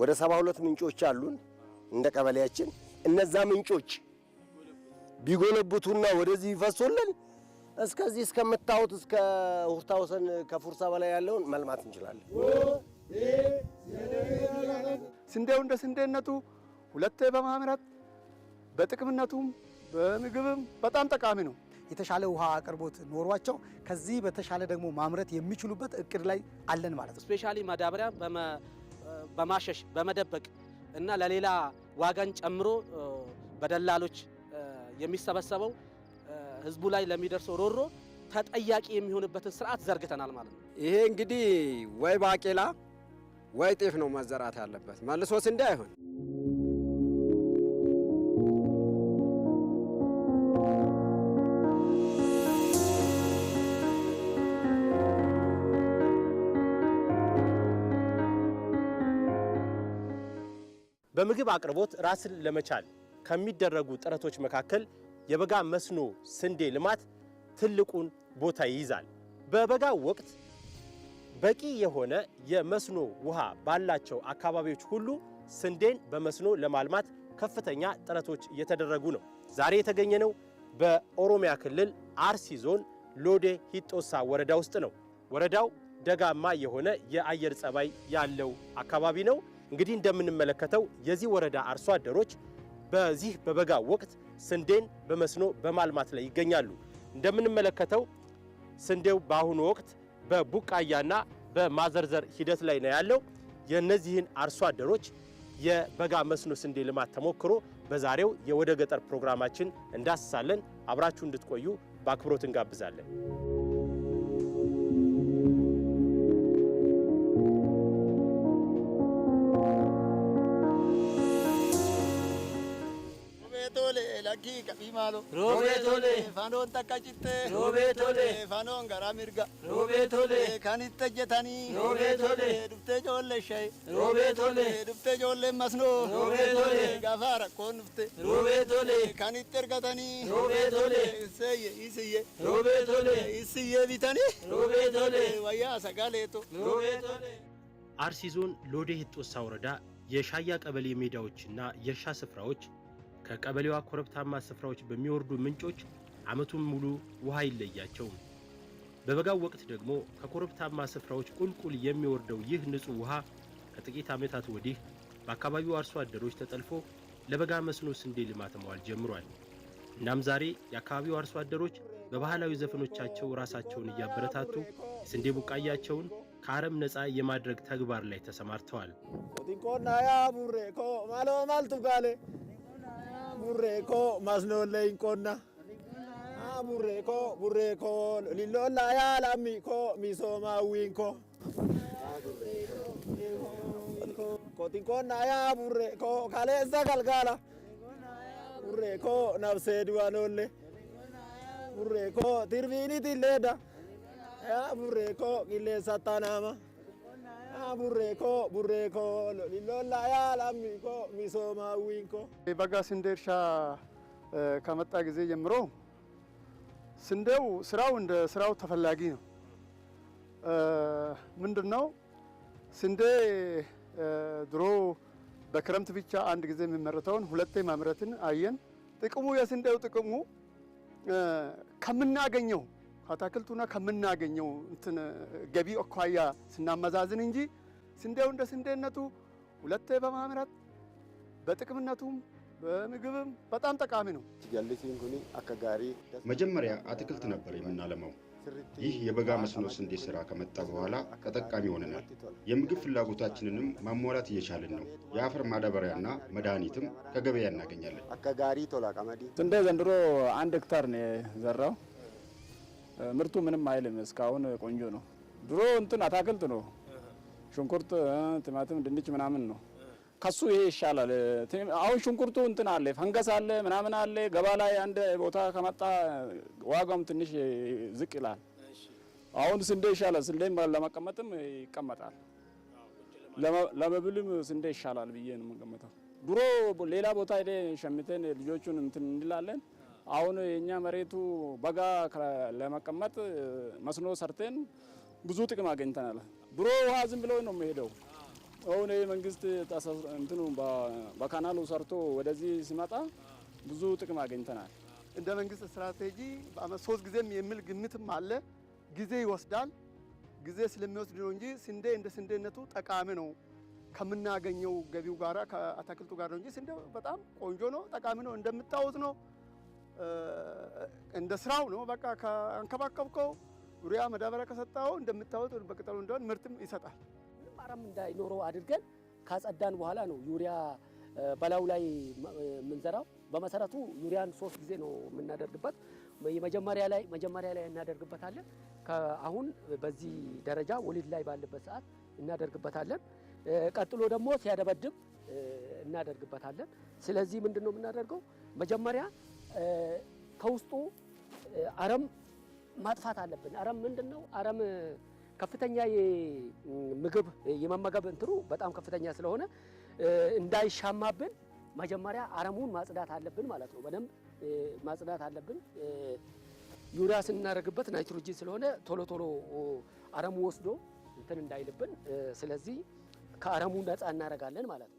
ወደ ሰባ ሁለት ምንጮች አሉን እንደ ቀበሌያችን። እነዛ ምንጮች ቢጎለብቱና ወደዚህ ይፈሶልን እስከዚህ እስከምታዩት እስከ ሁርታ ወሰን ከፉርሳ በላይ ያለውን መልማት እንችላለን። ስንዴው እንደ ስንዴነቱ ሁለት በማምረት በጥቅምነቱም በምግብም በጣም ጠቃሚ ነው። የተሻለ ውሃ አቅርቦት ኖሯቸው ከዚህ በተሻለ ደግሞ ማምረት የሚችሉበት እቅድ ላይ አለን ማለት ነው። ስፔሻሊ ማዳበሪያ በማሸሽ በመደበቅ እና ለሌላ ዋጋን ጨምሮ በደላሎች የሚሰበሰበው ህዝቡ ላይ ለሚደርሰው ሮሮ ተጠያቂ የሚሆንበትን ስርዓት ዘርግተናል ማለት ነው። ይሄ እንግዲህ ወይ ባቄላ ወይ ጤፍ ነው መዘራት ያለበት፣ መልሶ ስንዴ አይሆን። በምግብ አቅርቦት ራስን ለመቻል ከሚደረጉ ጥረቶች መካከል የበጋ መስኖ ስንዴ ልማት ትልቁን ቦታ ይይዛል። በበጋው ወቅት በቂ የሆነ የመስኖ ውሃ ባላቸው አካባቢዎች ሁሉ ስንዴን በመስኖ ለማልማት ከፍተኛ ጥረቶች እየተደረጉ ነው። ዛሬ የተገኘነው በኦሮሚያ ክልል አርሲ ዞን ሎዴ ሂጦሳ ወረዳ ውስጥ ነው። ወረዳው ደጋማ የሆነ የአየር ጸባይ ያለው አካባቢ ነው። እንግዲህ እንደምንመለከተው የዚህ ወረዳ አርሶ አደሮች በዚህ በበጋ ወቅት ስንዴን በመስኖ በማልማት ላይ ይገኛሉ። እንደምንመለከተው ስንዴው በአሁኑ ወቅት በቡቃያና በማዘርዘር ሂደት ላይ ነው ያለው። የእነዚህን አርሶ አደሮች የበጋ መስኖ ስንዴ ልማት ተሞክሮ በዛሬው የወደ ገጠር ፕሮግራማችን እንዳስሳለን። አብራችሁ እንድትቆዩ በአክብሮት እንጋብዛለን። Shimalo, Robe Tole, Fanon Takachite, Robe Tole, Fanon mirga Robe Tole, Kanita Jetani, Robe Tole, Dupte Jolle Shay, Robe Tole, Dupte Jolle Masno, Robe Tole, Gavara Konfte, Robe Tole, Kaniter Gatani, Robe Tole, Seye, Isiye, Robe Tole, Isiye Vitani, Robe Tole, Vaya Sagaleto, Robe Tole. አርሲ ዞን ሎዴ ሄጦሳ ወረዳ የሻያ ቀበሌ ሜዳዎችና የእርሻ ስፍራዎች ከቀበሌዋ ኮረብታማ ስፍራዎች በሚወርዱ ምንጮች ዓመቱን ሙሉ ውሃ አይለያቸውም። በበጋው ወቅት ደግሞ ከኮረብታማ ስፍራዎች ቁልቁል የሚወርደው ይህ ንጹህ ውሃ ከጥቂት ዓመታት ወዲህ በአካባቢው አርሶ አደሮች ተጠልፎ ለበጋ መስኖ ስንዴ ልማት መዋል ጀምሯል። እናም ዛሬ የአካባቢው አርሶ አደሮች በባህላዊ ዘፈኖቻቸው ራሳቸውን እያበረታቱ የስንዴ ቡቃያቸውን ከአረም ነፃ የማድረግ ተግባር ላይ ተሰማርተዋል። ቡሬኮ ማስኖለይንቆና ቡሬኮ ቡሬኮ ሊሎላ ያላሚኮ ሚሶማዊንኮ kotinkoon ayaa burree koo kaleessa galgaala burree koo nabsee duwaloollee burree koo tirbiiniti leeda burree koo qilleessa taanaama. ቡሬኮ ቡሬኮ ሎላ ያላሚኮ ሚሶማዊንኮ በጋ ስንዴ እርሻ eh, ከመጣ ጊዜ ጀምሮ ስንዴው ስራው እንደ ስራው ተፈላጊ ነው። eh, ምንድን ነው ስንዴ eh, ድሮ በክረምት ብቻ አንድ ጊዜ የሚመረተውን ሁለቴ ማምረትን አየን። ጥቅሙ የስንዴው ጥቅሙ ከምናገኘው አታክልቱና ከምናገኘው እንትን ገቢ አኳያ ስናመዛዝን እንጂ ስንዴው እንደ ስንዴነቱ ሁለቴ በማምረት በጥቅምነቱም በምግብም በጣም ጠቃሚ ነው። መጀመሪያ አትክልት ነበር የምናለመው። ይህ የበጋ መስኖ ስንዴ ስራ ከመጣ በኋላ ተጠቃሚ ሆነናል። የምግብ ፍላጎታችንንም ማሟላት እየቻልን ነው። የአፈር ማዳበሪያና መድኃኒትም ከገበያ እናገኛለን። ስንዴ ዘንድሮ አንድ ሄክታር ነው የዘራው። ምርቱ ምንም አይልም። እስካሁን ቆንጆ ነው። ድሮ እንትን አታክልት ነው፣ ሽንኩርት፣ ቲማቲም፣ ድንች ምናምን ነው። ከሱ ይሄ ይሻላል። አሁን ሽንኩርቱ እንትን አለ፣ ፈንገስ አለ፣ ምናምን አለ። ገባ ላይ አንድ ቦታ ከመጣ ዋጋውም ትንሽ ዝቅ ይላል። አሁን ስንዴ ይሻላል። ስንዴም ለመቀመጥም ይቀመጣል፣ ለመብልም ስንዴ ይሻላል ብዬ ነው የምንቀመጠው። ድሮ ሌላ ቦታ ሄደን ሸምተን ልጆቹን እንትን እንላለን አሁን የኛ መሬቱ በጋ ለመቀመጥ መስኖ ሰርተን ብዙ ጥቅም አገኝተናል። ብሮ ውሃ ዝም ብለው ነው የሚሄደው። አሁን ይህ መንግስት እንትኑ በካናሉ ሰርቶ ወደዚህ ሲመጣ ብዙ ጥቅም አገኝተናል። እንደ መንግስት ስትራቴጂ በአመት ሶስት ጊዜም የሚል ግምትም አለ። ጊዜ ይወስዳል። ጊዜ ስለሚወስድ ነው እንጂ ስንዴ እንደ ስንዴነቱ ጠቃሚ ነው ከምናገኘው ገቢው ጋራ ከአታክልቱ ጋር ነው እንጂ ስንዴ በጣም ቆንጆ ነው፣ ጠቃሚ ነው፣ እንደምታወት ነው። እንደ ስራው ነው። በቃ ከአንከባከብከው ዩሪያ መዳበሪያ ከሰጣው እንደምታወጡ በቅጠሉ እንደሆን ምርትም ይሰጣል። ምንም አረም እንዳይኖረው አድርገን ካጸዳን በኋላ ነው ዩሪያ በላዩ ላይ የምንዘራው። በመሰረቱ ዩሪያን ሶስት ጊዜ ነው የምናደርግበት። የመጀመሪያ ላይ መጀመሪያ ላይ እናደርግበታለን። አሁን በዚህ ደረጃ ወሊድ ላይ ባለበት ሰዓት እናደርግበታለን። ቀጥሎ ደግሞ ሲያደበድብ እናደርግበታለን። ስለዚህ ምንድን ነው የምናደርገው መጀመሪያ ከውስጡ አረም ማጥፋት አለብን። አረም ምንድን ነው? አረም ከፍተኛ ምግብ የመመገብ እንትኑ በጣም ከፍተኛ ስለሆነ እንዳይሻማብን መጀመሪያ አረሙን ማጽዳት አለብን ማለት ነው። በደንብ ማጽዳት አለብን። ዩሪያ ስናደርግበት ናይትሮጂን ስለሆነ ቶሎ ቶሎ አረሙ ወስዶ እንትን እንዳይልብን፣ ስለዚህ ከአረሙ ነፃ እናደርጋለን ማለት ነው።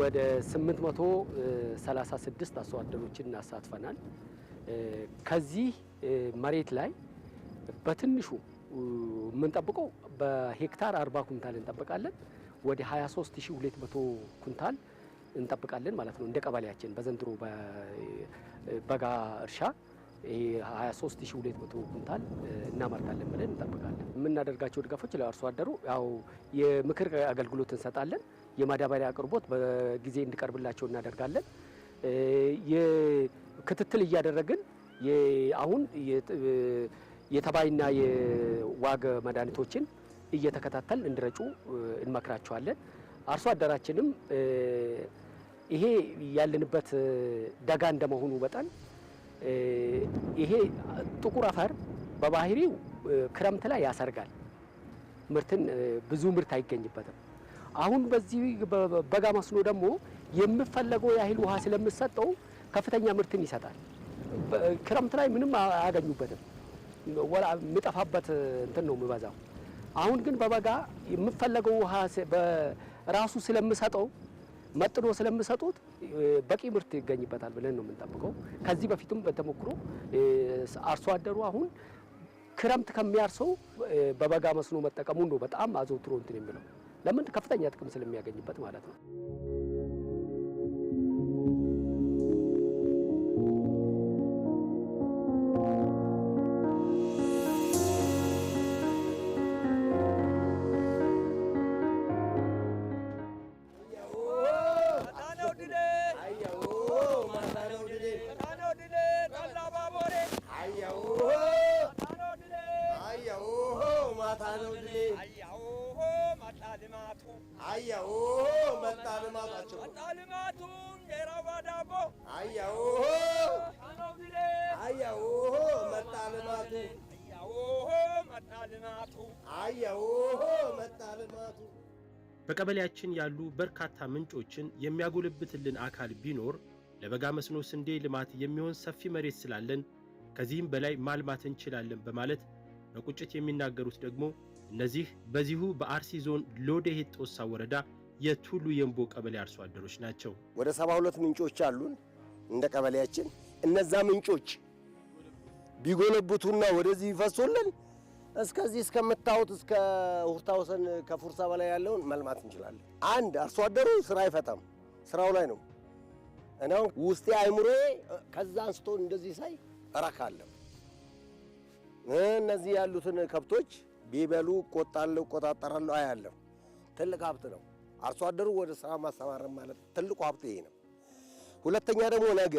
ወደ 836 አርሶ አደሮችን እናሳትፈናል። ከዚህ መሬት ላይ በትንሹ የምንጠብቀው በሄክታር 40 ኩንታል እንጠብቃለን። ወደ 23200 ኩንታል እንጠብቃለን ማለት ነው። እንደ ቀበሌያችን በዘንድሮ በጋ እርሻ 23200 ኩንታል እናመርታለን ብለን እንጠብቃለን። የምናደርጋቸው ድጋፎች ለአርሶ አደሩ ያው የምክር አገልግሎት እንሰጣለን። የማዳበሪያ አቅርቦት በጊዜ እንዲቀርብላቸው እናደርጋለን። ክትትል እያደረግን አሁን የተባይና የዋግ መድኃኒቶችን እየተከታተል እንድረጩ እንመክራቸዋለን። አርሶ አደራችንም ይሄ ያለንበት ደጋ እንደመሆኑ መጠን ይሄ ጥቁር አፈር በባህሪው ክረምት ላይ ያሰርጋል፣ ምርትን ብዙ ምርት አይገኝበትም። አሁን በዚህ በጋ መስኖ ደግሞ የምፈለገው ያህል ውሃ ስለምሰጠው ከፍተኛ ምርትን ይሰጣል። ክረምት ላይ ምንም አያገኙበትም፣ ወላ የምጠፋበት እንትን ነው የምበዛው። አሁን ግን በበጋ የምፈለገው ውሃ ራሱ ስለምሰጠው መጥኖ ስለምሰጡት በቂ ምርት ይገኝበታል ብለን ነው የምንጠብቀው። ከዚህ በፊትም በተሞክሮ አርሶ አደሩ አሁን ክረምት ከሚያርሰው በበጋ መስኖ መጠቀሙ ነው በጣም አዘውትሮ እንትን የሚለው ለምን? ከፍተኛ ጥቅም ስለሚያገኝበት ማለት ነው። በቀበሌያችን ያሉ በርካታ ምንጮችን የሚያጎለብትልን አካል ቢኖር ለበጋ መስኖ ስንዴ ልማት የሚሆን ሰፊ መሬት ስላለን ከዚህም በላይ ማልማት እንችላለን በማለት በቁጭት የሚናገሩት ደግሞ እነዚህ በዚሁ በአርሲ ዞን ሎዴ ጦሳ ወረዳ የቱሉ የንቦ ቀበሌ አርሶ አደሮች ናቸው። ወደ 72 ምንጮች አሉን እንደ ቀበሌያችን። እነዛ ምንጮች ቢጎለብቱና ወደዚህ ይፈሶልን እስከዚህ እስከምታዩት እስከ ሁርታ ወሰን ከፉርሳ በላይ ያለውን መልማት እንችላለን። አንድ አርሶ አደሩ ስራ አይፈታም፣ ስራው ላይ ነው። እኔ ውስጤ አይምሮዬ ከዛ አንስቶ እንደዚህ ሳይ እረካለሁ። እነዚህ ያሉትን ከብቶች ቢበሉ እቆጣለሁ፣ እቆጣጠራለሁ፣ አያለሁ። ትልቅ ሀብት ነው። አርሶ አደሩ ወደ ስራ ማሰማረም ማለት ትልቁ ሀብት ይሄ ነው። ሁለተኛ ደግሞ ነገ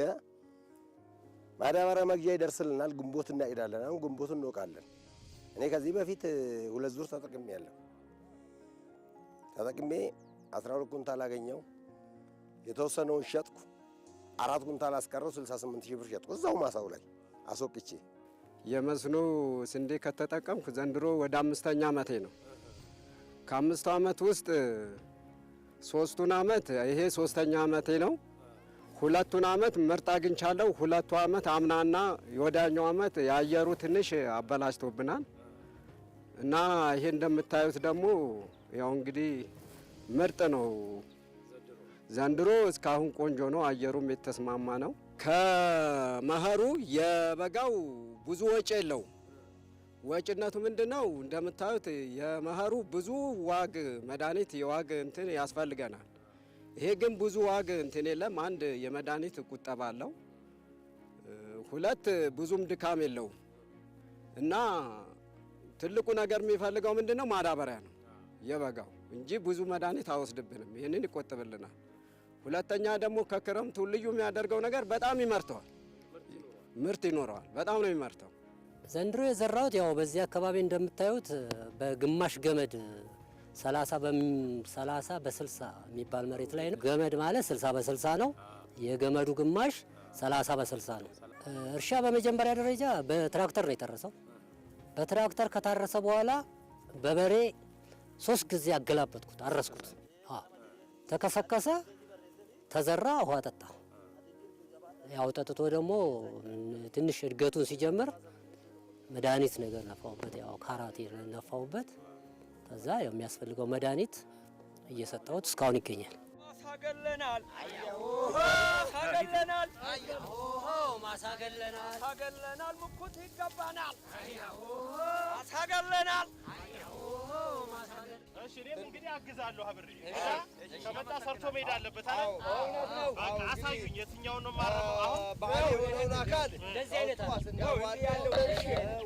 ማዳበሪያ መግዣ ይደርስልናል። ግንቦት እናሄዳለን። አሁን ግንቦት እንወቃለን። እኔ ከዚህ በፊት ሁለት ዙር ተጠቅሜ ያለሁ ተጠቅሜ አስራ ሁለት ኩንታል አገኘው። የተወሰነውን ሸጥኩ። አራት ኩንታል አስቀረው። 68 ሺህ ብር ሸጥኩ እዛው ማሳው ላይ አስወቅቼ። የመስኖ ስንዴ ከተጠቀምኩ ዘንድሮ ወደ አምስተኛ ዓመቴ ነው። ከአምስቱ ዓመት ውስጥ ሶስቱን ዓመት ይሄ ሶስተኛ ዓመቴ ነው። ሁለቱን ዓመት ምርጥ አግኝቻለሁ። ሁለቱ ዓመት አምናና የወዳኛው ዓመት የአየሩ ትንሽ አበላሽቶብናል። እና ይሄ እንደምታዩት ደግሞ ያው እንግዲህ ምርጥ ነው። ዘንድሮ እስካሁን ቆንጆ ነው። አየሩም የተስማማ ነው። ከመኸሩ የበጋው ብዙ ወጪ የለው። ወጪነቱ ምንድን ነው? እንደምታዩት የመኸሩ ብዙ ዋግ መድኃኒት የዋግ እንትን ያስፈልገናል። ይሄ ግን ብዙ ዋግ እንትን የለም። አንድ የመድኃኒት ቁጠባ አለው። ሁለት ብዙም ድካም የለውም እና ትልቁ ነገር የሚፈልገው ምንድን ነው? ማዳበሪያ ነው የበጋው እንጂ ብዙ መድኃኒት አወስድብንም። ይህንን ይቆጥብልናል። ሁለተኛ ደግሞ ከክረምቱ ልዩ የሚያደርገው ነገር በጣም ይመርተዋል፣ ምርት ይኖረዋል። በጣም ነው የሚመርተው። ዘንድሮ የዘራሁት ያው በዚህ አካባቢ እንደምታዩት በግማሽ ገመድ 30 በ30 በ60 የሚባል መሬት ላይ ነው። ገመድ ማለት 60 በ60 ነው። የገመዱ ግማሽ 30 በ60 ነው። እርሻ በመጀመሪያ ደረጃ በትራክተር ነው የጠረሰው። በትራክተር ከታረሰ በኋላ በበሬ ሶስት ጊዜ አገላበጥኩት፣ አረስኩት። ተከሰከሰ፣ ተዘራ፣ ውሃ ጠጣ። ያው ጠጥቶ ደግሞ ትንሽ እድገቱን ሲጀምር መድኃኒት ነገር ነፋውበት፣ ያው ካራት ነፋውበት። ከዛ የሚያስፈልገው መድኃኒት እየሰጠሁት እስካሁን ይገኛል። ሳገለናል ሳገለናል ማሳገለናል ሳገለናል ምኩት ይገባናል ሳገለናል። እሺ እኔም እንግዲህ አግዛለሁ አብሬ ከመጣ ሰርቶ መሄድ አለበት በቃ አሳዩኝ የትኛውን ነው የማረመው አሁን ባህል አካል እንደዚህ አይነት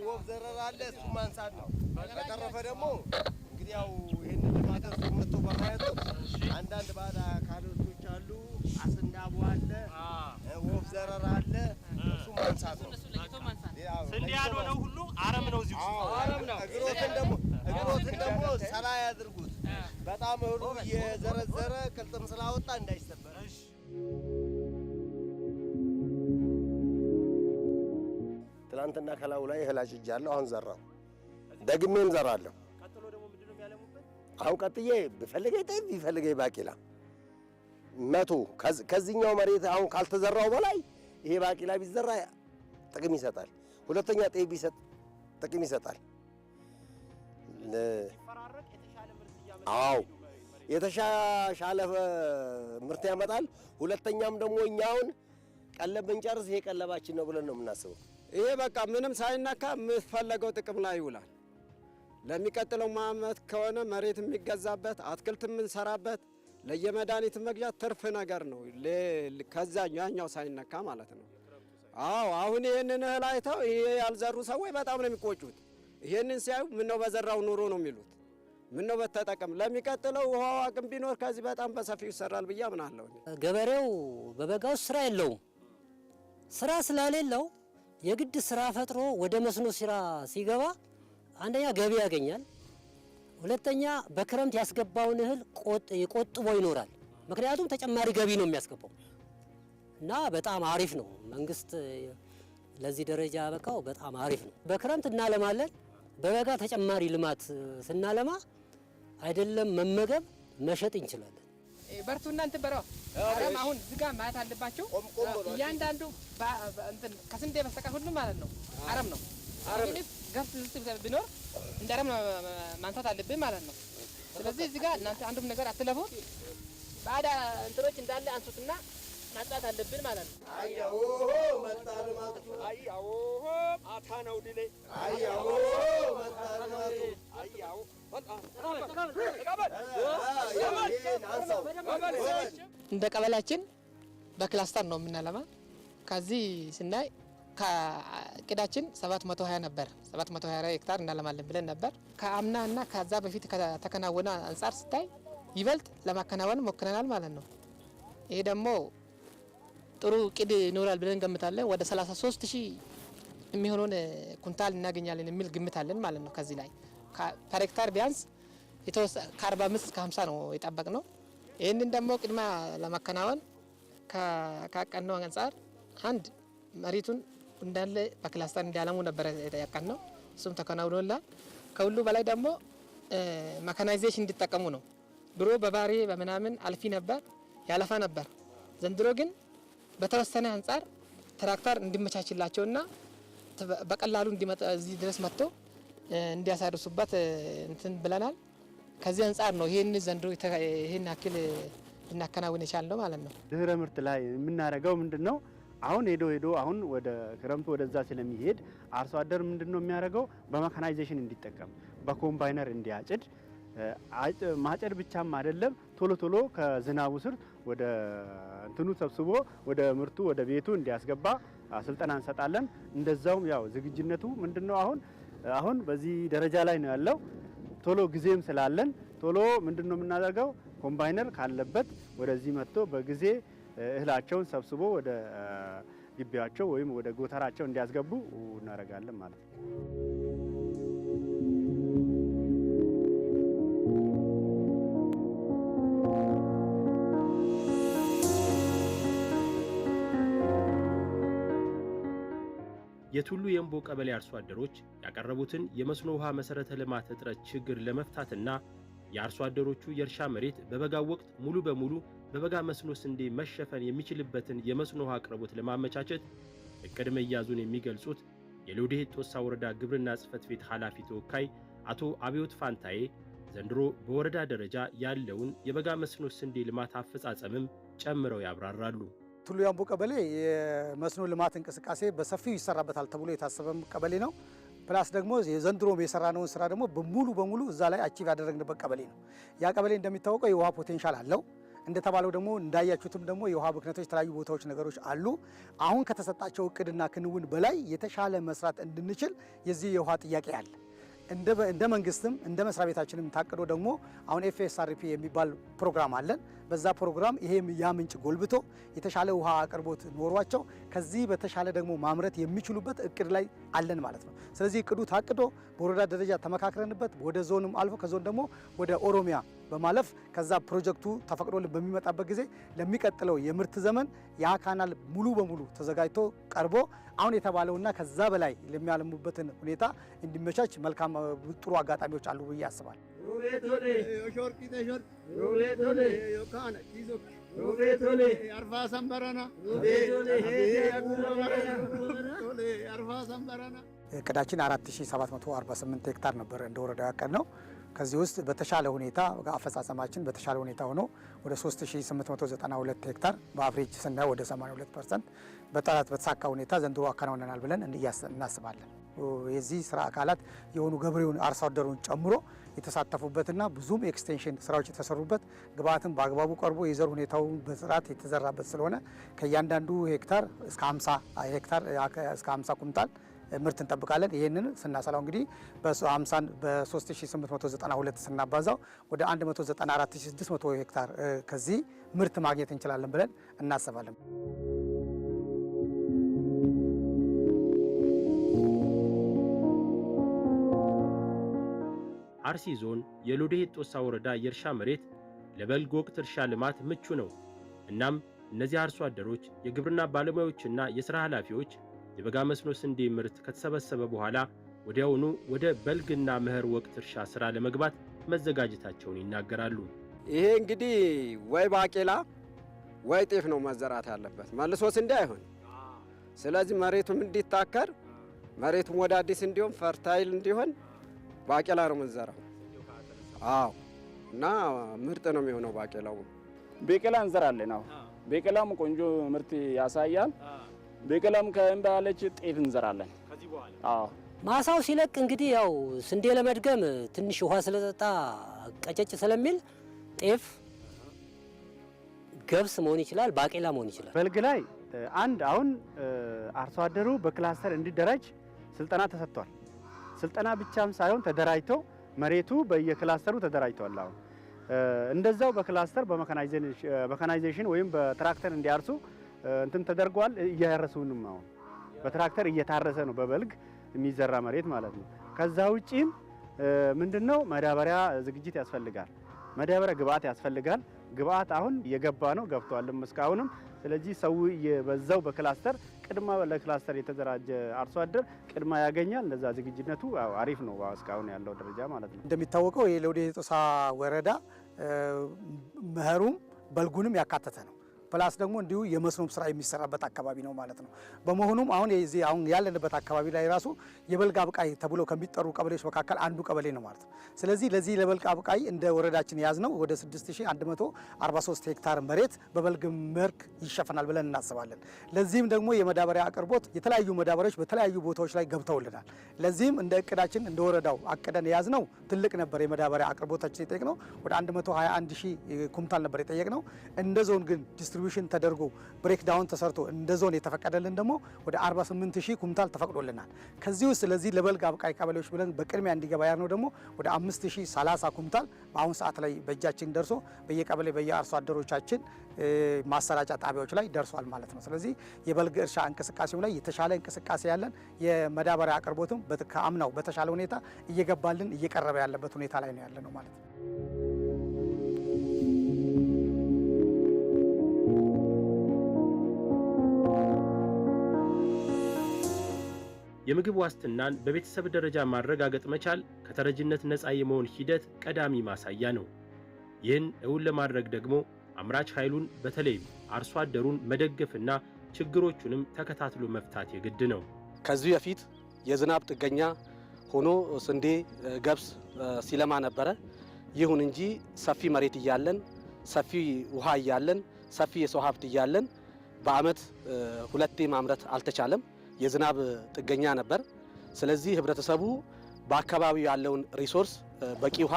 ወፍ ዘረራ አለ እሱ ማንሳት ነው። በተረፈ ደግሞ ያው ይህን በማየቱ አንዳንድ ባለ አካሎቶች አሉ። አስናቡ አለ፣ ወፍ ዘረራ አለ። እሱ ማንሳት ነው። ስንዴ ያልሆነው ሁሉ አረም ነው። እዚህ እግሮትን ደግሞ እግሮትን ደግሞ ሰላ ያድርጉት። በጣም እህሉ የዘረዘረ ቅልጥም ስላወጣ እንዳይሰበር ትላንትና ከላዩ ላይ እህል አጭጃለሁ። አሁን ዘራሁ ደግሜም ዘራለሁ። አሁን ቀጥዬ ቢፈልገኝ ጤፍ ቢፈልገኝ ባቂላ መቶ ከዚህኛው መሬት አሁን ካልተዘራው በላይ ይሄ ባቂላ ቢዘራ ጥቅም ይሰጣል። ሁለተኛ ጤፍ ቢሰጥ ጥቅም ይሰጣል። አዎ የተሻሻለ ምርት ያመጣል። ሁለተኛም ደግሞ እኛውን ቀለብ ብንጨርስ ይሄ ቀለባችን ነው ብለን ነው የምናስበው። ይሄ በቃ ምንም ሳይነካ የምትፈለገው ጥቅም ላይ ይውላል። ለሚቀጥለው ዓመት ከሆነ መሬት የሚገዛበት አትክልት የምንሰራበት ለየመድኃኒት መግዣ ትርፍ ነገር ነው። ከዛ ያኛው ሳይነካ ማለት ነው። አዎ አሁን ይህንን እህል አይተው ይሄ ያልዘሩ ሰዎች በጣም ነው የሚቆጩት። ይህንን ሲያዩ ምነው በዘራው ኑሮ ነው የሚሉት፣ ምነው በተጠቀም። ለሚቀጥለው ውሃ አቅም ቢኖር ከዚህ በጣም በሰፊው ይሰራል ብዬ አምናለሁ። ገበሬው በበጋው ስራ የለውም። ስራ ስለሌለው የግድ ስራ ፈጥሮ ወደ መስኖ ስራ ሲገባ አንደኛ ገቢ ያገኛል፣ ሁለተኛ በክረምት ያስገባውን እህል ቆጥቦ ይኖራል። ምክንያቱም ተጨማሪ ገቢ ነው የሚያስገባው እና በጣም አሪፍ ነው። መንግስት ለዚህ ደረጃ ያበቃው በጣም አሪፍ ነው። በክረምት እናለማለን፣ በበጋ ተጨማሪ ልማት ስናለማ አይደለም መመገብ መሸጥ እንችላለን። በርቱ እናንተ በረዋ አረም አሁን ዝጋ ማለት አለባቸው። እያንዳንዱ ከስንዴ በስተቀር ሁሉም ማለት ነው አረም ነው። ቢኖር እንደ አረም ማንሳት አለብን ማለት ነው። ስለዚህ እዚህ ጋር እናንተ አንዱም ነገር አትለፉ። ባዳ እንትኖች እንዳለ አንሱትና ማጥራት አለብን ማለት ነው። አያሆ አታ ነው ድሌ አያሆ እንደ ቀበላችን በክላስተር ነው የምናለማ። ከዚህ ስናይ ከእቅዳችን 720 ነበር 720 ሄክታር እናለማለን ብለን ነበር። ከአምና እና ከዛ በፊት ከተከናወነ አንጻር ስታይ ይበልጥ ለማከናወን ሞክረናል ማለት ነው። ይሄ ደግሞ ጥሩ እቅድ ይኖራል ብለን ገምታለን። ወደ 33 ሺህ የሚሆነውን ኩንታል እናገኛለን የሚል ግምት አለን ማለት ነው። ከዚህ ላይ ፐር ሄክታር ቢያንስ ከ45 እስከ 50 ነው የጠበቅ ነው። ይህንን ደግሞ ቅድማ ለማከናወን ካቀድነው አንጻር አንድ መሬቱን እንዳለ በክላስተር እንዲያለሙ ነበረ የጠየቀን ነው። እሱም ተከናውኖላል። ከሁሉ በላይ ደግሞ መካናይዜሽን እንዲጠቀሙ ነው። ድሮ በባሬ በምናምን አልፊ ነበር ያለፋ ነበር። ዘንድሮ ግን በተወሰነ አንጻር ትራክተር እና በቀላሉ እንዲመጣ እዚህ ድረስ መጥቶ እንዲያሳርሱበት እንትን ብለናል። ከዚህ አንጻር ነው ይህን ዘንድሮ ይህን ያክል ልናከናውን የቻልነው ማለት ነው። ድህረ ምርት ላይ የምናደርገው ምንድን ነው? አሁን ሄዶ ሄዶ አሁን ወደ ክረምቱ ወደዛ ስለሚሄድ አርሶ አደር ምንድን ነው የሚያደርገው በመካናይዜሽን እንዲጠቀም በኮምባይነር እንዲያጭድ ማጨድ ብቻም አይደለም፣ ቶሎ ቶሎ ከዝናቡ ስር ወደ እንትኑ ሰብስቦ ወደ ምርቱ ወደ ቤቱ እንዲያስገባ ስልጠና እንሰጣለን። እንደዛውም ያው ዝግጅነቱ ምንድን ነው አሁን አሁን በዚህ ደረጃ ላይ ነው ያለው። ቶሎ ጊዜም ስላለን ቶሎ ምንድን ነው የምናደርገው ኮምባይነር ካለበት ወደዚህ መጥቶ በጊዜ እህላቸውን ሰብስቦ ወደ ግቢያቸው ወይም ወደ ጎተራቸው እንዲያስገቡ እናደርጋለን ማለት ነው። የቱሉ የእምቦ ቀበሌ አርሶ አደሮች ያቀረቡትን የመስኖ ውሃ መሰረተ ልማት እጥረት ችግር ለመፍታትና የአርሶ አደሮቹ የእርሻ መሬት በበጋ ወቅት ሙሉ በሙሉ በበጋ መስኖ ስንዴ መሸፈን የሚችልበትን የመስኖ ውሃ አቅርቦት ለማመቻቸት እቅድ መያዙን የሚገልጹት የሎዴት ጦሳ ወረዳ ግብርና ጽሕፈት ቤት ኃላፊ ተወካይ አቶ አብዮት ፋንታዬ ዘንድሮ በወረዳ ደረጃ ያለውን የበጋ መስኖ ስንዴ ልማት አፈጻጸምም ጨምረው ያብራራሉ። ቱሉ ያምቦ ቀበሌ የመስኖ ልማት እንቅስቃሴ በሰፊው ይሰራበታል ተብሎ የታሰበም ቀበሌ ነው። ፕላስ ደግሞ የዘንድሮም የሰራነውን ስራ ደግሞ በሙሉ በሙሉ እዛ ላይ አቺቭ ያደረግንበት ቀበሌ ነው። ያ ቀበሌ እንደሚታወቀው የውሃ ፖቴንሻል አለው። እንደተባለው ደግሞ እንዳያችሁትም ደግሞ የውሃ ብክነቶች የተለያዩ ቦታዎች ነገሮች አሉ። አሁን ከተሰጣቸው እቅድና ክንውን በላይ የተሻለ መስራት እንድንችል የዚህ የውሃ ጥያቄ አለ። እንደ መንግስትም እንደ መስሪያ ቤታችንም ታቅዶ ደግሞ አሁን ኤፍኤስአርፒ የሚባል ፕሮግራም አለን። በዛ ፕሮግራም ይሄ ያ ምንጭ ጎልብቶ የተሻለ ውሃ አቅርቦት ኖሯቸው ከዚህ በተሻለ ደግሞ ማምረት የሚችሉበት እቅድ ላይ አለን ማለት ነው። ስለዚህ እቅዱ ታቅዶ በወረዳ ደረጃ ተመካክረንበት ወደ ዞንም አልፎ ከዞን ደግሞ ወደ ኦሮሚያ በማለፍ ከዛ ፕሮጀክቱ ተፈቅዶልን በሚመጣበት ጊዜ ለሚቀጥለው የምርት ዘመን ያ ካናል ሙሉ በሙሉ ተዘጋጅቶ ቀርቦ አሁን የተባለውና ከዛ በላይ ለሚያለሙበትን ሁኔታ እንዲመቻች መልካም ጥሩ አጋጣሚዎች አሉ ብዬ አስባለሁ። እቅዳችን 4748 ሄክታር ነበር እንደ ወረዳ ያቀድ ነው። ከዚህ ውስጥ በተሻለ ሁኔታ አፈጻጸማችን በተሻለ ሁኔታ ሆኖ ወደ 3892 ሄክታር በአፍሬጅ ስናየው ወደ 82 ፐርሰንት በጠራት በተሳካ ሁኔታ ዘንድሮ አከናውነናል ብለን እናስባለን። የዚህ ስራ አካላት የሆኑ ገበሬውን አርሶ አደሩን ጨምሮ የተሳተፉበትና ብዙም ኤክስቴንሽን ስራዎች የተሰሩበት ግብአትን በአግባቡ ቀርቦ የዘር ሁኔታው በጥራት የተዘራበት ስለሆነ ከእያንዳንዱ ሄክታር እስከ 50 ሄክታር እስከ 50 ኩንታል ምርት እንጠብቃለን። ይህንን ስናሰላው እንግዲህ በ በ3892 ስናባዛው ወደ 194600 ሄክታር ከዚህ ምርት ማግኘት እንችላለን ብለን እናስባለን። አርሲ ዞን የሎዴ ጦሳ ወረዳ የእርሻ መሬት ለበልግ ወቅት እርሻ ልማት ምቹ ነው። እናም እነዚህ አርሶ አደሮች የግብርና ባለሙያዎችና የሥራ ኃላፊዎች የበጋ መስኖ ስንዴ ምርት ከተሰበሰበ በኋላ ወዲያውኑ ወደ በልግና መኸር ወቅት እርሻ ስራ ለመግባት መዘጋጀታቸውን ይናገራሉ። ይሄ እንግዲህ ወይ ባቄላ ወይ ጤፍ ነው መዘራት ያለበት፣ መልሶ ስንዴ አይሆን። ስለዚህ መሬቱም እንዲታከር መሬቱም ወደ አዲስ እንዲሆን ፈርታይል እንዲሆን ባቄላ ነው የምንዘራው። አዎ እና ምርጥ ነው የሚሆነው ባቄላው። ቤቄላ እንዘራለን። አዎ ቤቄላም ቆንጆ ምርት ያሳያል። በቀለም ከእምባለች ጤፍ እንዘራለን። አዎ ማሳው ሲለቅ እንግዲህ ያው ስንዴ ለመድገም ትንሽ ውሃ ስለጠጣ ቀጨጭ ስለሚል ጤፍ፣ ገብስ መሆን ይችላል፣ ባቄላ መሆን ይችላል። በልግ ላይ አንድ አሁን አርሶ አደሩ በክላስተር እንዲደራጅ ስልጠና ተሰጥቷል። ስልጠና ብቻም ሳይሆን ተደራጅቶ መሬቱ በየክላስተሩ ተደራጅቷል። አሁን እንደዛው በክላስተር በመካናይዜሽን ወይም በትራክተር እንዲያርሱ እንትን ተደርጓል። እያረሱንም አሁን በትራክተር እየታረሰ ነው፣ በበልግ የሚዘራ መሬት ማለት ነው። ከዛ ውጪም ምንድነው ማዳበሪያ ዝግጅት ያስፈልጋል። ማዳበሪያ ግብአት ያስፈልጋል። ግብአት አሁን የገባ ነው ገብቷልም እስካሁንም። ስለዚህ ሰው በዛው በክላስተር ቅድማ ለክላስተር የተደራጀ አርሶ አደር ቅድማ ያገኛል። ለዛ ዝግጅነቱ አሪፍ ነው እስካሁን ያለው ደረጃ ማለት ነው። እንደሚታወቀው የሎዴ ጦሳ ወረዳ መኸሩም በልጉንም ያካተተ ነው። ፕላስ ደግሞ እንዲሁ የመስኖም ስራ የሚሰራበት አካባቢ ነው ማለት ነው። በመሆኑም አሁን የዚህ አሁን ያለንበት አካባቢ ላይ ራሱ የበልግ አብቃይ ተብሎ ከሚጠሩ ቀበሌዎች መካከል አንዱ ቀበሌ ነው ማለት ነው። ስለዚህ ለዚህ ለበልግ አብቃይ እንደ ወረዳችን የያዝነው ወደ 6143 ሄክታር መሬት በበልግ መርክ ይሸፈናል ብለን እናስባለን። ለዚህም ደግሞ የመዳበሪያ አቅርቦት የተለያዩ መዳበሪያዎች በተለያዩ ቦታዎች ላይ ገብተውልናል። ለዚህም እንደ እቅዳችን እንደ ወረዳው አቅደን የያዝነው ትልቅ ነበር የመዳበሪያ አቅርቦታችን የጠየቅነው ወደ 121 ሺህ ኩምታል ነበር የጠየቅነው እንደ ዞን ግን ዲስትሪቢሽን ተደርጎ ብሬክ ዳውን ተሰርቶ እንደ ዞን የተፈቀደልን ደግሞ ወደ 48 ሺህ ኩንታል ተፈቅዶልናል። ከዚህ ውስጥ ለዚህ ለበልግ አብቃይ ቀበሌዎች ብለን በቅድሚያ እንዲገባ ያርነው ደግሞ ወደ 5030 ኩንታል በአሁኑ ሰዓት ላይ በእጃችን ደርሶ በየቀበሌ በየአርሶ አደሮቻችን ማሰራጫ ጣቢያዎች ላይ ደርሷል ማለት ነው። ስለዚህ የበልግ እርሻ እንቅስቃሴው ላይ የተሻለ እንቅስቃሴ ያለን የመዳበሪያ አቅርቦትም ከአምናው በተሻለ ሁኔታ እየገባልን እየቀረበ ያለበት ሁኔታ ላይ ነው ያለ ነው ማለት ነው። የምግብ ዋስትናን በቤተሰብ ደረጃ ማረጋገጥ መቻል ከተረጅነት ነፃ የመሆን ሂደት ቀዳሚ ማሳያ ነው። ይህን እውን ለማድረግ ደግሞ አምራች ኃይሉን በተለይም አርሶ አደሩን መደገፍና ችግሮቹንም ተከታትሎ መፍታት የግድ ነው። ከዚህ በፊት የዝናብ ጥገኛ ሆኖ ስንዴ፣ ገብስ ሲለማ ነበረ። ይሁን እንጂ ሰፊ መሬት እያለን፣ ሰፊ ውሃ እያለን፣ ሰፊ የሰው ሀብት እያለን በዓመት ሁለቴ ማምረት አልተቻለም። የዝናብ ጥገኛ ነበር። ስለዚህ ህብረተሰቡ በአካባቢው ያለውን ሪሶርስ በቂ ውሃ፣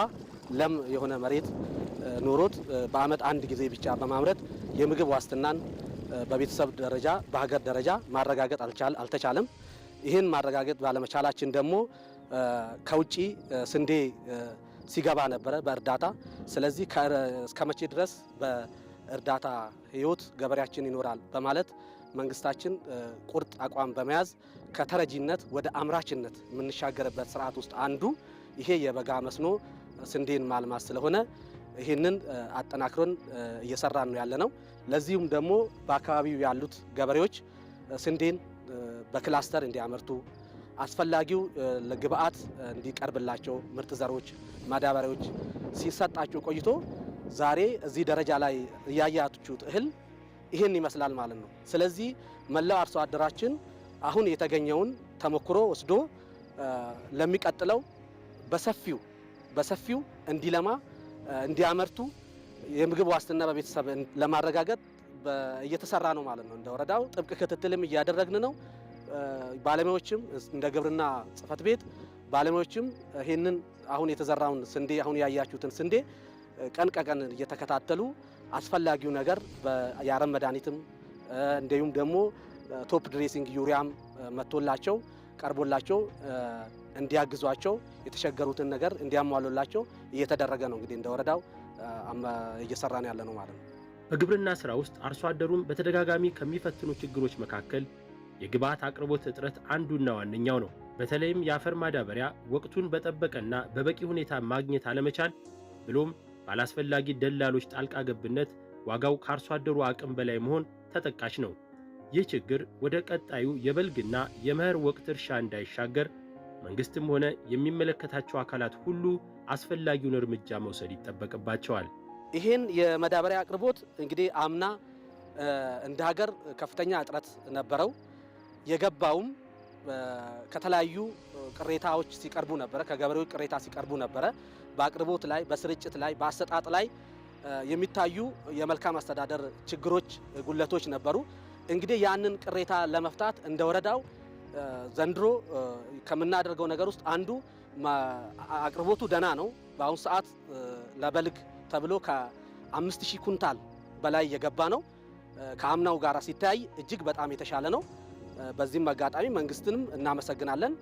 ለም የሆነ መሬት ኖሮት በአመት አንድ ጊዜ ብቻ በማምረት የምግብ ዋስትናን በቤተሰብ ደረጃ በሀገር ደረጃ ማረጋገጥ አልተቻለም። ይህን ማረጋገጥ ባለመቻላችን ደግሞ ከውጪ ስንዴ ሲገባ ነበረ በእርዳታ። ስለዚህ እስከ መቼ ድረስ በእርዳታ ህይወት ገበሬያችን ይኖራል በማለት መንግስታችን ቁርጥ አቋም በመያዝ ከተረጂነት ወደ አምራችነት የምንሻገርበት ስርዓት ውስጥ አንዱ ይሄ የበጋ መስኖ ስንዴን ማልማት ስለሆነ ይህንን አጠናክሮን እየሰራን ነው ነው። ለዚሁም ደግሞ በአካባቢው ያሉት ገበሬዎች ስንዴን በክላስተር እንዲያመርቱ አስፈላጊው ግብዓት እንዲቀርብላቸው ምርጥ ዘሮች፣ ማዳበሪያዎች ሲሰጣቸው ቆይቶ ዛሬ እዚህ ደረጃ ላይ እያያችሁት እህል ይህን ይመስላል ማለት ነው። ስለዚህ መላው አርሶ አደራችን አሁን የተገኘውን ተሞክሮ ወስዶ ለሚቀጥለው በሰፊው በሰፊው እንዲለማ እንዲያመርቱ የምግብ ዋስትና በቤተሰብ ለማረጋገጥ እየተሰራ ነው ማለት ነው። እንደ ወረዳው ጥብቅ ክትትልም እያደረግን ነው። ባለሙያዎችም እንደ ግብርና ጽሕፈት ቤት ባለሙያዎችም ይህንን አሁን የተዘራውን ስንዴ አሁን ያያችሁትን ስንዴ ቀን ቀቀን እየተከታተሉ አስፈላጊው ነገር የአረም መድኃኒትም እንዲሁም ደግሞ ቶፕ ድሬሲንግ ዩሪያም መጥቶላቸው ቀርቦላቸው እንዲያግዟቸው የተቸገሩትን ነገር እንዲያሟሉላቸው እየተደረገ ነው። እንግዲህ እንደ ወረዳው እየሰራ ነው ያለ ነው ማለት ነው። በግብርና ስራ ውስጥ አርሶ አደሩም በተደጋጋሚ ከሚፈትኑ ችግሮች መካከል የግብዓት አቅርቦት እጥረት አንዱና ዋነኛው ነው። በተለይም የአፈር ማዳበሪያ ወቅቱን በጠበቀና በበቂ ሁኔታ ማግኘት አለመቻል ብሎም ባላስፈላጊ ደላሎች ጣልቃ ገብነት ዋጋው ከአርሶ አደሩ አቅም በላይ መሆን ተጠቃሽ ነው። ይህ ችግር ወደ ቀጣዩ የበልግና የመኸር ወቅት እርሻ እንዳይሻገር መንግስትም ሆነ የሚመለከታቸው አካላት ሁሉ አስፈላጊውን እርምጃ መውሰድ ይጠበቅባቸዋል። ይህን የመዳበሪያ አቅርቦት እንግዲህ አምና እንደ ሀገር ከፍተኛ እጥረት ነበረው የገባውም ከተለያዩ ቅሬታዎች ሲቀርቡ ነበረ፣ ከገበሬዎች ቅሬታ ሲቀርቡ ነበረ። በአቅርቦት ላይ፣ በስርጭት ላይ፣ በአሰጣጥ ላይ የሚታዩ የመልካም አስተዳደር ችግሮች፣ ጉለቶች ነበሩ። እንግዲህ ያንን ቅሬታ ለመፍታት እንደ ወረዳው ዘንድሮ ከምናደርገው ነገር ውስጥ አንዱ አቅርቦቱ ደህና ነው። በአሁኑ ሰዓት ለበልግ ተብሎ ከአምስት ሺህ ኩንታል በላይ የገባ ነው። ከአምናው ጋር ሲታይ እጅግ በጣም የተሻለ ነው። በዚህም አጋጣሚ መንግስትንም እናመሰግናለን።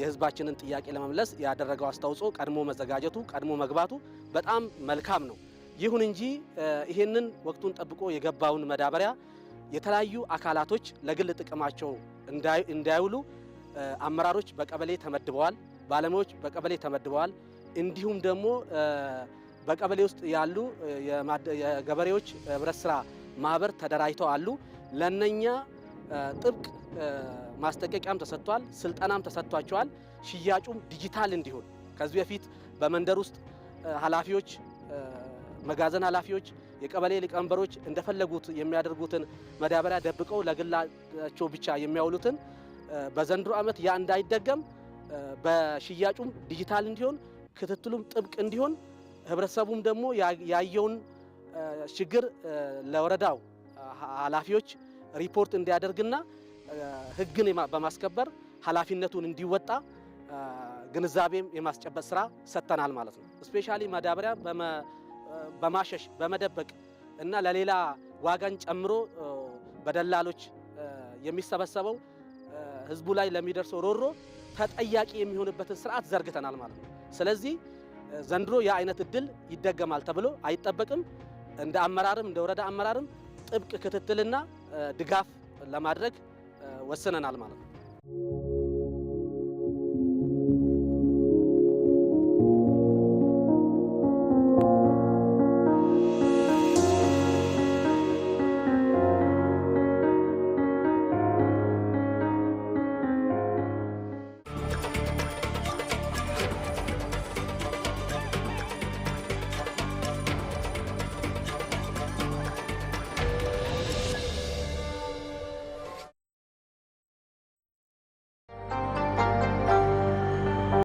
የህዝባችንን ጥያቄ ለመመለስ ያደረገው አስተዋጽኦ ቀድሞ መዘጋጀቱ ቀድሞ መግባቱ በጣም መልካም ነው። ይሁን እንጂ ይህንን ወቅቱን ጠብቆ የገባውን መዳበሪያ የተለያዩ አካላቶች ለግል ጥቅማቸው እንዳይውሉ አመራሮች በቀበሌ ተመድበዋል፣ ባለሙያዎች በቀበሌ ተመድበዋል። እንዲሁም ደግሞ በቀበሌ ውስጥ ያሉ የገበሬዎች ህብረት ስራ ማህበር ተደራጅተው አሉ ለነኛ ጥብቅ ማስጠንቀቂያም ተሰጥቷል። ስልጠናም ተሰጥቷቸዋል። ሽያጩም ዲጂታል እንዲሆን ከዚህ በፊት በመንደር ውስጥ ኃላፊዎች፣ መጋዘን ኃላፊዎች፣ የቀበሌ ሊቀመንበሮች እንደፈለጉት የሚያደርጉትን መዳበሪያ ደብቀው ለግላቸው ብቻ የሚያውሉትን በዘንድሮ ዓመት ያ እንዳይደገም በሽያጩም ዲጂታል እንዲሆን ክትትሉም ጥብቅ እንዲሆን ህብረተሰቡም ደግሞ ያየውን ችግር ለወረዳው ኃላፊዎች ሪፖርት እንዲያደርግና ህግን በማስከበር ኃላፊነቱን እንዲወጣ ግንዛቤም የማስጨበጥ ስራ ሰጥተናል ማለት ነው። ስፔሻሊ ማዳበሪያ በማሸሽ በመደበቅ እና ለሌላ ዋጋን ጨምሮ በደላሎች የሚሰበሰበው ህዝቡ ላይ ለሚደርሰው ሮሮ ተጠያቂ የሚሆንበትን ስርዓት ዘርግተናል ማለት ነው። ስለዚህ ዘንድሮ ያ አይነት እድል ይደገማል ተብሎ አይጠበቅም። እንደ አመራርም እንደ ወረዳ አመራርም ጥብቅ ክትትልና ድጋፍ ለማድረግ ወስነናል ማለት ነው።